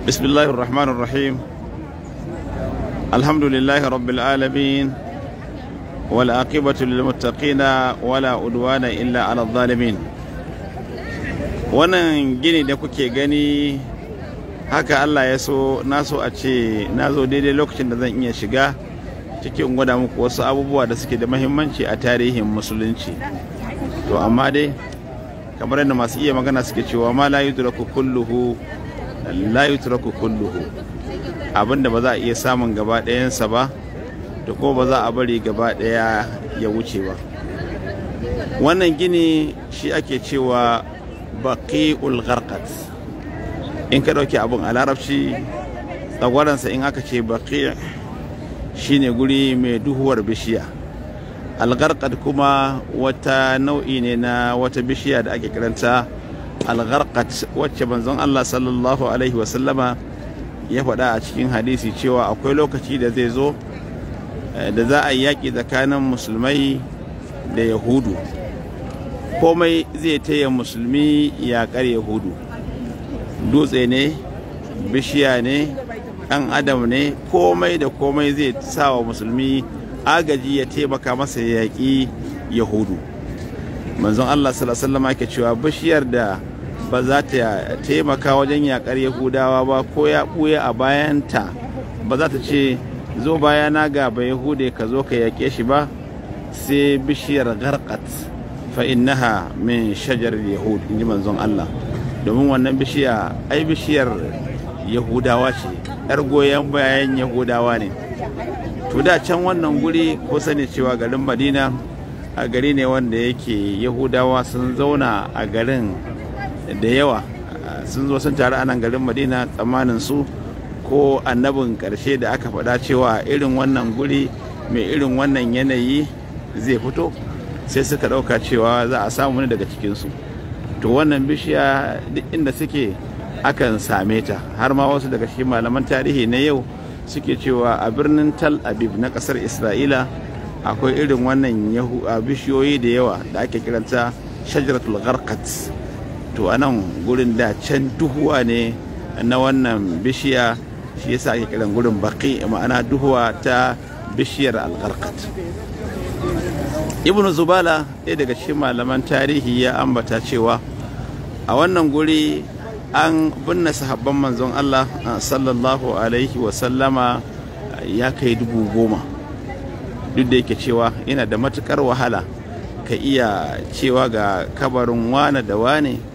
بسم الله الرحمن الرحيم الحمد لله رب العالمين والعاقبة للمتقين ولا عدوان إلا على الظالمين wannan gini da kuke gani haka Allah ya so na so a ce na zo daidai lokacin da zan iya shiga cikin gwada muku wasu abubuwa da suke da mahimmanci a tarihin musulunci to amma dai kamar yadda masu iya magana suke cewa ma la kulluhu la yutraku kulluhu abinda ba za a iya samun gaba ɗayansa ba da kuma ba za a bari gaba ɗaya ya wuce ba wannan gini shi ake cewa baqi'ul gharqat in ka ɗauki abin a larabci tsagwaransa in aka ce shi shine guri mai duhuwar bishiya algarkat kuma wata nau'i ne na wata bishiya da ake karanta. algharqat wacce manzon Allah sallallahu alaihi wasallama ya faɗa a cikin hadisi cewa akwai lokaci da zai zo eh, da za a yi yaƙi tsakanin musulmai da yahudu komai zai taya musulmi yaƙar yahudu dutse ne bishiya ne ɗan adam ne komai da komai zai sa wa musulmi agaji ya taimaka masa yaƙi yahudu manzon Allah sallallahu alaihi cewa bishiyar da ba za ta taimaka wajen yakar yahudawa ba ko ya ɓuya a bayanta ba za ta ce zo bayana ga ba yahude ka zo ka yake shi ba sai bishiyar garkat fa innaha min shajar yahud in ji manzon Allah domin wannan bishiya ai bishiyar yahudawa ce yar goyon bayan yahudawa ne to da can wannan guri ko sani cewa garin madina a gari ne wanda yake yahudawa sun zauna a garin da yawa sun zo sun taru a garin madina tsammanin su ko annabin ƙarshe da aka faɗa cewa irin wannan guri mai irin wannan yanayi zai fito sai suka ɗauka cewa za a samu wani daga cikinsu to wannan bishiya duk inda suke akan same ta har ma wasu daga cikin malaman tarihi na yau suke cewa a birnin tal abib na ƙasar isra'ila akwai irin wannan bishiyoyi da yawa da ake kiranta shajaratul garkat. a nan gurin da can duhuwa ne na wannan bishiya shi sa ake kiran gurin baki ma'ana duhuwa ta bishiyar algarkat ibn zubala ɗaya daga cikin malaman tarihi ya ambata cewa a wannan guri an binne sahabban manzon allah sallallahu alaihi wasallama ya kai dubu goma duk da yake cewa yana da matukar wahala ka iya cewa ga kabarin wane da wane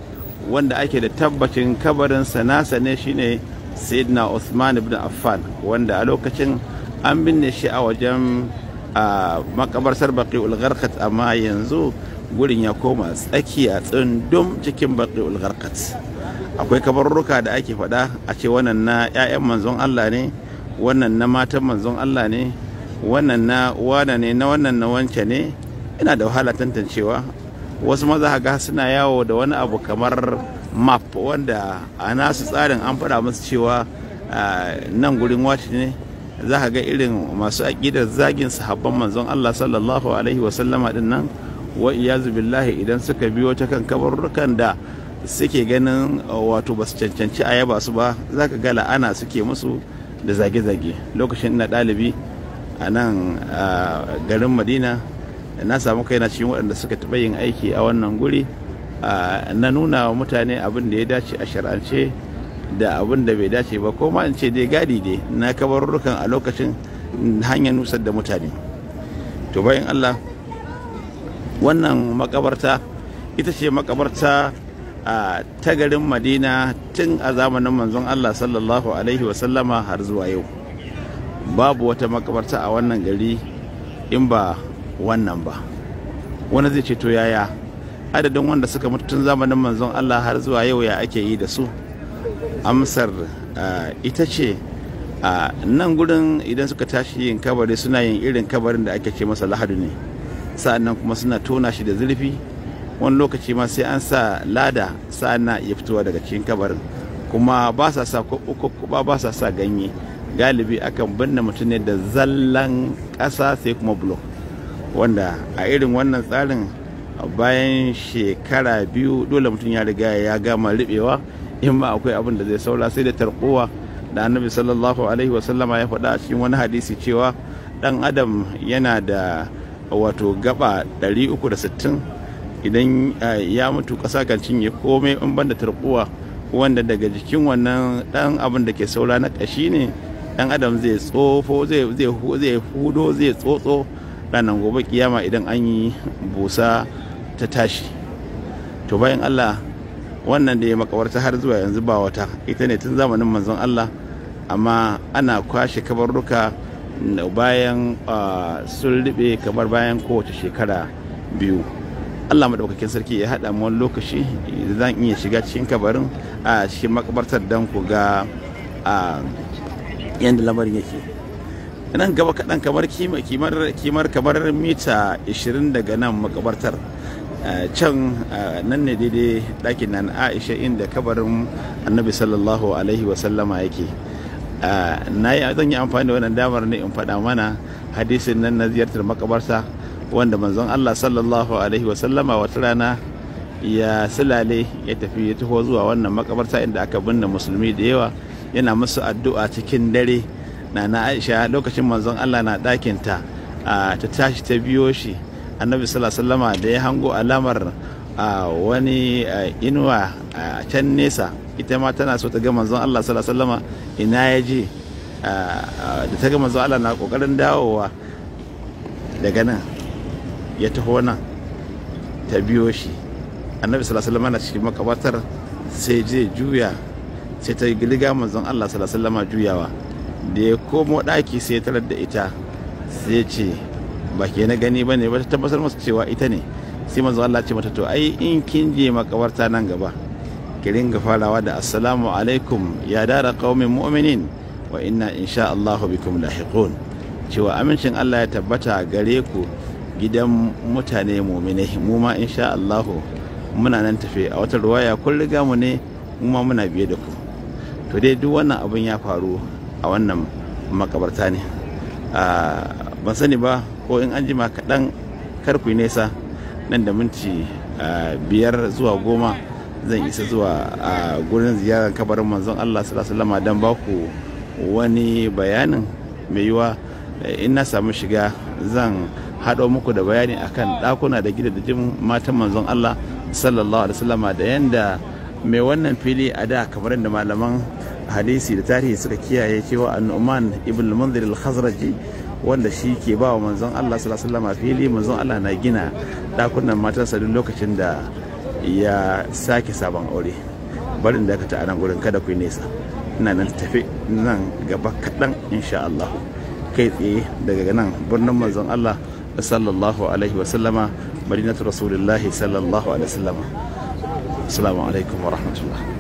wanda ake da tabbacin kabarinsa nasa ne shine sayyidina Usman ibn Affan wanda a lokacin an binne shi a wajen a makabarsar baki ulgarkat amma yanzu gurin ya koma tsakiya tsundum cikin baki ulgarkat akwai kabarruka da ake faɗa a ce wannan na 'ya'yan manzon Allah ne wannan na matan manzon Allah ne wannan na wana ne na wannan na wance ne ina da wahala tantancewa wasu maza haka suna yawo da wani abu kamar map wanda a nasu tsarin an faɗa musu cewa nan gurin wati ne za ka ga irin masu aƙidar zagin sahabban manzon Allah sallallahu alaihi wasallama din nan wa iyazu billahi idan suka biyo ta kan kabarurrukan da suke ganin wato ba su cancanci a yaba su ba za ka ga la'ana suke musu da zage-zage lokacin na ɗalibi a nan garin madina na samu kai na cikin waɗanda suka taɓa yin aiki a wannan guri na nuna wa mutane abin da ya dace a shar'ance da abin da bai dace ba ko ma in ce dai gadi dai na kabarurrukan a lokacin hanyar nusar da mutane to bayan allah wannan makabarta ita ce makabarta ta garin madina tun a zamanin manzon allah sallallahu alaihi wasallama har zuwa yau babu wata makabarta a wannan gari in ba wannan ba wani zai ce to yaya adadin wanda suka mutu tun zamanin manzon Allah har zuwa yau ya ake yi da su amsar eh, ita ce nan gudun idan suka tashi yin kabari suna yin irin kabarin da ake ce masa lahadu ne sa'annan kuma suna tona shi da zurfi wani lokaci ma sai an sa lada sa'annan ya fitowa daga cikin kabarin kuma ba sa sa ba sa sa ganye galibi akan binne mutum ne da zallan ƙasa sai kuma blok wanda a irin wannan tsarin bayan shekara biyu dole mutum ya riga ya gama riɓewa in ma akwai abin da zai saura sai da tarkowa da annabi sallallahu alaihi wasallama ya faɗa a cikin wani hadisi cewa ɗan adam yana da wato gaba 360 idan eh, ya mutu ƙasa kan cinye komai in ban da tarkowa wanda daga jikin wannan ɗan abin da ke saura na ƙashi ne ɗan adam zai tsofo zai hudo zai tsotso ranar gobe kiyama idan an yi busa ta tashi to bayan allah wannan da ya makawarta har zuwa yanzu ba wata ita ne tun zamanin manzon allah amma ana kwashe kabarruka bayan sun riɓe kamar bayan kowace shekara biyu allah maɗaukakin sarki ya haɗa mu wani lokaci zan iya shiga cikin kabarin a cikin makabartar don ku ga yadda lamarin yake nan gaba kaɗan kamar kimar kamar mita 20 daga nan makabartar eh, can eh, nan ne daidai ɗakin nan aisha inda kabarin annabi sallallahu alaihi wasallama yake eh, na yi zan yi amfani da wannan damar ne in faɗa mana hadisin nan na ziyartar makabarta wanda manzon allah sallallahu alaihi wasallama wata rana ya silale ya tafi ya taho zuwa wannan makabarta inda aka binne musulmi da yawa yana musu addu'a cikin dare na aisha lokacin manzon allah na ɗakinta ta tashi ta biyo shi annabi sallama da ya hango alamar wani inuwa a can nesa ita ma tana so ta ga manzon allah sallama ina ya je da ta ga manzon allah na ƙoƙarin dawowa daga nan ya taho nan ta biyo shi annabi sallama na cikin makabatar sai je juya sai ta giliga manzon allah sallama juyawa da ya komo ɗaki sai ya tarar da ita sai ce ba ke na gani ba ne ba ta tabbatar masa cewa ita ne sai manzo Allah ce mata to ai in kin je makabarta nan gaba ki ringa farawa da assalamu alaikum ya dara qaumin mu'minin wa inna insha Allah bikum lahiqun cewa amincin Allah ya tabbata gare ku gidan mutane mu'minai mu ma insha muna nan tafe a wata ruwaya kun riga mu ne mu ma muna biye da ku to dai duk wannan abin ya faru a wannan makabarta ne ban sani ba ko in an jima kaɗan karku nesa nan da minti biyar zuwa goma zan isa zuwa a gurin ziyarar kabarin manzon Allah sallama don ba ku wani bayanin mai yiwa eh, in na samu shiga zan haɗo muku da bayani akan ɗakuna da gidajen matan manzon Allah sallallahu alaihi wasallama da yanda mai wannan fili a da kamar da malaman hadisi da tarihi suka kiyaye cewa annuman ibn munzir al-khazraji wanda shi ke ba wa manzon Allah sallallahu alaihi fili manzon Allah na gina dakunan matarsa duk lokacin da ya sake sabon aure barin da ka ta nan gurin kada ku nesa ina nan tafe nan gaba kaɗan insha Allah kai tsaye daga nan birnin manzon Allah sallallahu alaihi wasallama madinatu rasulillahi sallallahu alaihi wasallama assalamu alaikum wa rahmatullahi